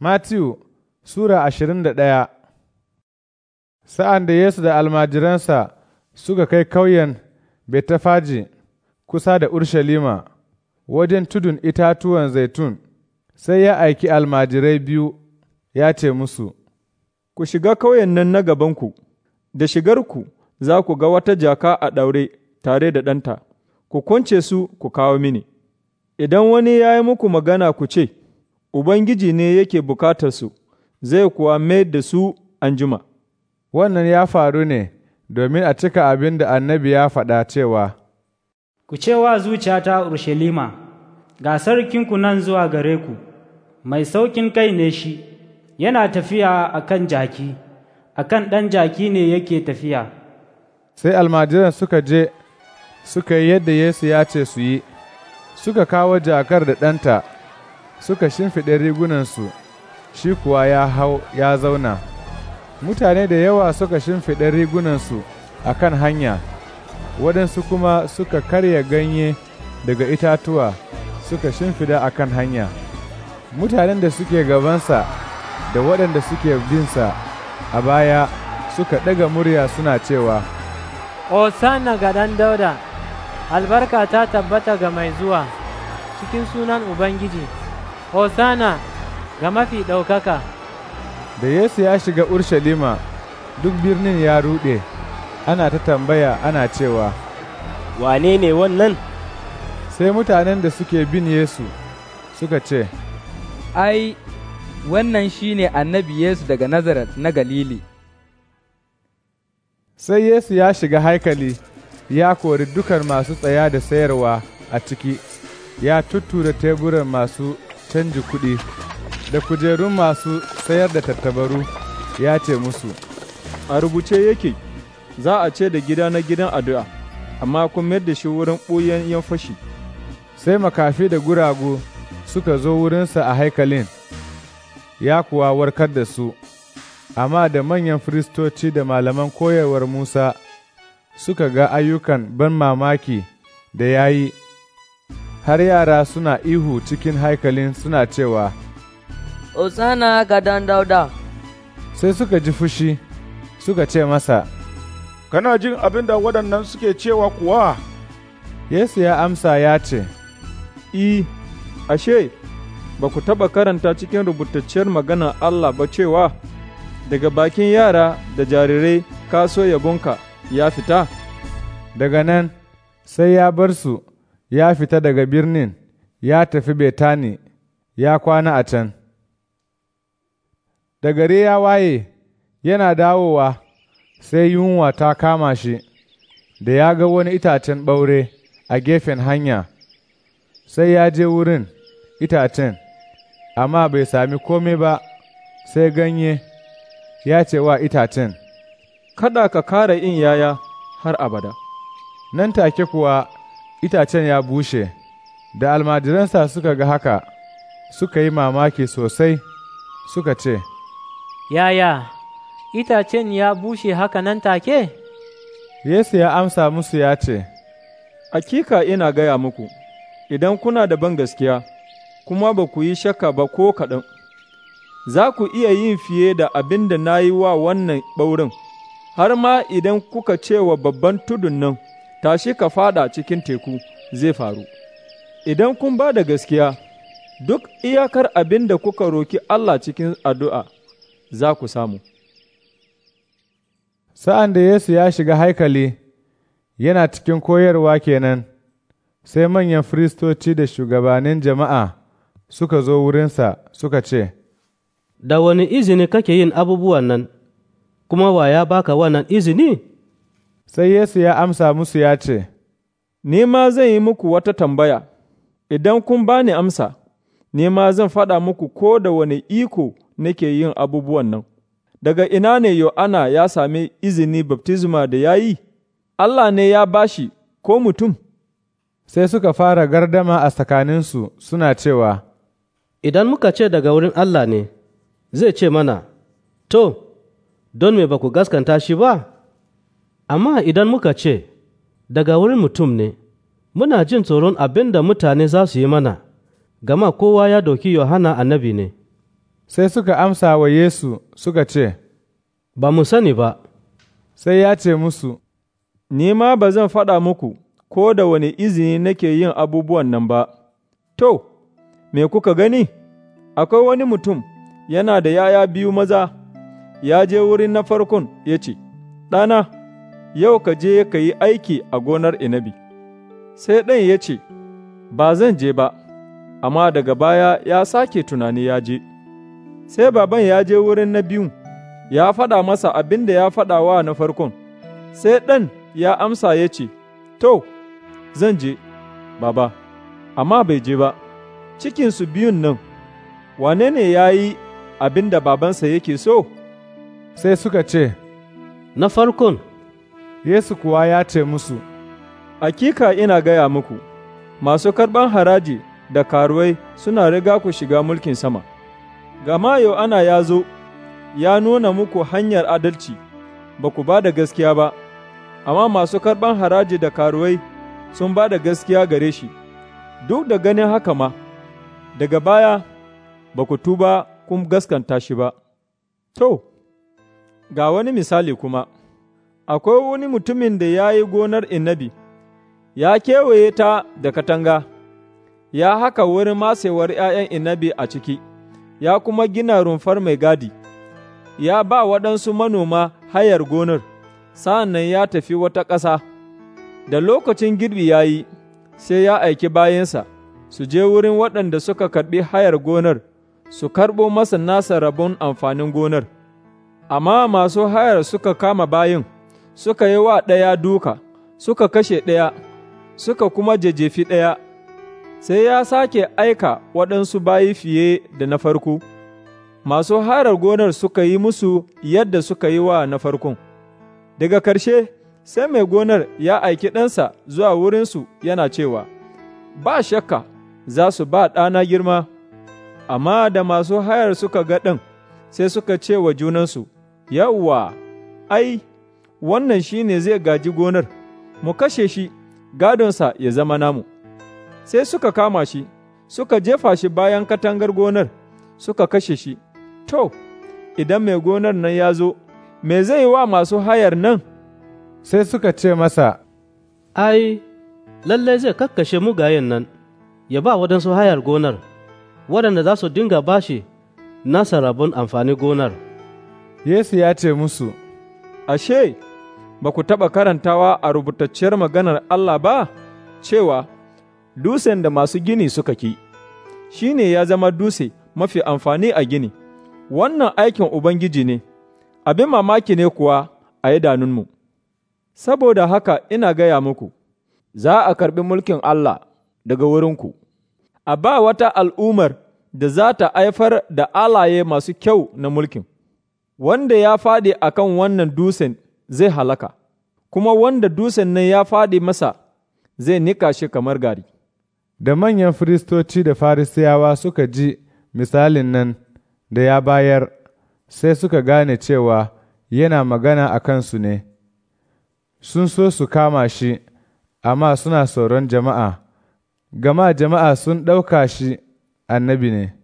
Matiyu Sura ashirin da ɗaya Sa'an da Yesu da almajiransa suka kai ƙauyen Betafaji kusa da Urshalima, wajen tudun itatuwan zaitun, sai ya aiki almajirai biyu ya ce musu, Ku shiga ƙauyen nan na gabanku, da shigarku za ku ga wata jaka a ɗaure tare da ɗanta, ku kwance su ku kawo mini. Idan wani ya yi muku magana ku ce, Ubangiji ne yake bukatarsu, zai kuwa mai da su anjima. Wannan ya faru ne domin a cika abin da annabi ya faɗa cewa, Ku cewa zuciyata Urshalima, ga sarkinku nan zuwa gare ku, mai saukin kai ne shi, yana tafiya a kan jaki, a kan ɗan jaki ne yake tafiya. Sai almajiran suka je, suka yi yadda Yesu ya ce su yi, suka kawo jakar da ɗanta. suka shimfiɗe rigunansu, shi kuwa ya hau ya zauna. Mutane da yawa suka shimfiɗe rigunansu a kan hanya, waɗansu kuma suka karya ganye daga itatuwa suka shimfiɗa a kan hanya. Mutanen da suke gabansa da waɗanda suke binsa a baya suka ɗaga murya suna cewa, Osana ga ɗan dauda, albarka ta tabbata ga mai zuwa cikin sunan Ubangiji. Hosana ga mafi ɗaukaka. Da Yesu ya shiga Urshalima, duk birnin ya ruɗe, ana ta tambaya ana cewa, Wane ne wannan? Sai mutanen da suke bin Yesu suka ce, Ai, wannan shi ne annabi Yesu daga Nazaret na Galili. Sai Yesu ya shiga haikali, ya kori dukan masu tsaya da sayarwa a ciki, ya tuttura teburan masu canji kuɗi da kujerun masu sayar da tattabaru ya ce musu, A rubuce yake, za a ce da gida na gidan addu'a, amma kun mayar da shi wurin ɓoyen yan fashi. Sai makafi da guragu suka zo wurinsa a haikalin, ya kuwa warkar da su, amma da manyan firistoci da malaman koyarwar Musa suka ga ayyukan ban mamaki da ya yi. har yara suna ihu cikin haikalin suna cewa, Osana ga dan dauda. Sai suka ji fushi, suka ce masa, Kana jin abin da waɗannan suke cewa kuwa? Yesu ya amsa ya ce, I, ashe, ba ku taɓa karanta cikin rubutacciyar maganar Allah ba cewa, Daga bakin yara da jarirai ka so yabonka ya fita? Daga nan, sai ya bar su. ya fita daga birnin ya tafi Betani ya kwana a can. Da gare ya waye yana dawowa sai yunwa ta kama shi da ya ga wani itacen ɓaure a gefen hanya sai ya je wurin itacen amma bai sami kome ba sai ganye ya ce wa itacen kada ka kara in yaya har abada nan take kuwa itacen ya bushe, da almajiransa suka ga haka, suka yi mamaki sosai, suka ce, Yaya, itacen ya bushe haka nan take? Yesu ya amsa musu ya ce, Akika ina gaya muku, idan kuna da ban gaskiya, kuma ba ku yi shaka ba ko kaɗan, za ku iya yin fiye da abin da na yi wa wannan ɓaurin, har ma idan kuka ce wa babban tudun nan, tashi ka fada cikin teku zai faru. Idan kun ba da gaskiya, duk iyakar abin da kuka roki Allah cikin addu'a za ku samu. Sa'an da Yesu ya shiga haikali, yana cikin koyarwa kenan, sai manyan firistoci da shugabannin jama'a suka zo wurinsa suka ce, Da wani izini kake yin abubuwan nan, kuma wa ya baka wannan izini? Sai Yesu ya amsa musu ya ce, Ni ma zan yi muku wata tambaya, idan kun ba ni amsa, ni ma zan faɗa muku ko da wani iko nake yin abubuwan nan. Daga ina ne Yohana ya sami izini baptisma da ya yi, Allah ne ya bashi ko mutum? Sai suka fara gardama a tsakaninsu suna cewa, Idan muka ce daga wurin Allah ne, zai ce mana, To, don me ba ku gaskanta shi ba? Amma idan muka ce, Daga wurin mutum ne, muna jin tsoron abin da mutane za su yi mana, gama kowa ya doki Yohana annabi ne. Sai suka amsa wa Yesu suka ce, Ba mu sani ba. Sai ya ce musu, Ni ma ba zan faɗa muku ko da wani izini nake yin abubuwan nan ba. To, me kuka gani? Akwai wani mutum yana da yaya biyu maza, ya je wurin na farkon ya ce, Ɗana, yau ka je ka yi aiki a gonar inabi. Sai ɗan ya ce, Ba zan je ba, amma daga baya ya sake tunani ya je. Sai baban ya je wurin na biyu ya faɗa masa abin da ya faɗa wa na farkon. Sai ɗan ya amsa ya ce, To, zan je, baba, amma bai je ba, cikinsu biyun nan, wane ne ya yi abin da babansa yake so? Sai suka ce, Na farkon. Yesu kuwa ya ce musu, Akika ina gaya muku, masu karɓan haraji da karuwai suna riga ku shiga mulkin sama, gama ana ya zo, ya nuna muku hanyar adalci, ba ku ba da gaskiya ba, amma masu karɓan haraji da karuwai sun ba da gaskiya gare shi, duk da ganin haka ma, daga baya ba ku tuba kun gaskanta shi ba. To, ga wani misali kuma. akwai wani mutumin da ya yi gonar inabi, ya kewaye ta da katanga, ya haka wurin masewar ’ya'yan inabi a ciki, ya kuma gina rumfar mai gadi, ya ba waɗansu manoma hayar gonar, sa'an nan ya tafi wata ƙasa, da lokacin girbi ya yi, sai ya aiki bayansa, su je wurin waɗanda suka karɓi hayar gonar, su karɓo masa nasa rabon amfanin gonar. Amma masu hayar suka kama bayin. suka yi wa ɗaya duka, suka kashe ɗaya, suka kuma jejefi ɗaya, sai ya sake aika waɗansu bayi fiye da na farko, masu harar gonar suka yi musu yadda suka yi wa na farkon. Daga ƙarshe, sai mai gonar ya aiki ɗansa zuwa wurinsu yana cewa, Ba shakka za su ba ɗana girma, amma da masu hayar suka ga ɗin, sai suka ce wa junansu, Yawwa, ai, wannan shi ne zai gaji gonar, mu kashe shi, gadonsa ya zama namu. Sai suka kama shi, suka jefa shi bayan katangar gonar, suka kashe shi. To, idan mai gonar nan ya zo, me zai yi wa masu hayar nan? Sai suka ce masa, Ai, lallai zai kakkashe mugayen nan, ya ba waɗansu hayar gonar, waɗanda za su dinga bashi nasa rabon amfani gonar. Yesu ya ce musu, Ashe, ba ku taɓa karantawa a rubutacciyar maganar Allah ba, cewa, Dusen da masu gini suka ki, shi ne ya zama dutse mafi amfani a gini, wannan aikin Ubangiji ne, abin mamaki ne kuwa a idanunmu. Saboda haka ina gaya muku, za a karɓi mulkin Allah daga wurinku, a ba wata al'umar da za ta haifar da alaye masu kyau na mulkin, wanda ya faɗi a kan wannan dusen zai halaka, kuma wanda dusan nan ya faɗi masa zai nika shi kamar gari. Da manyan firistoci da farisiyawa suka ji misalin nan da ya bayar, sai suka gane cewa yana magana a kansu ne. Sun so su kama shi, amma suna tsoron jama'a, gama jama'a sun ɗauka shi annabi ne.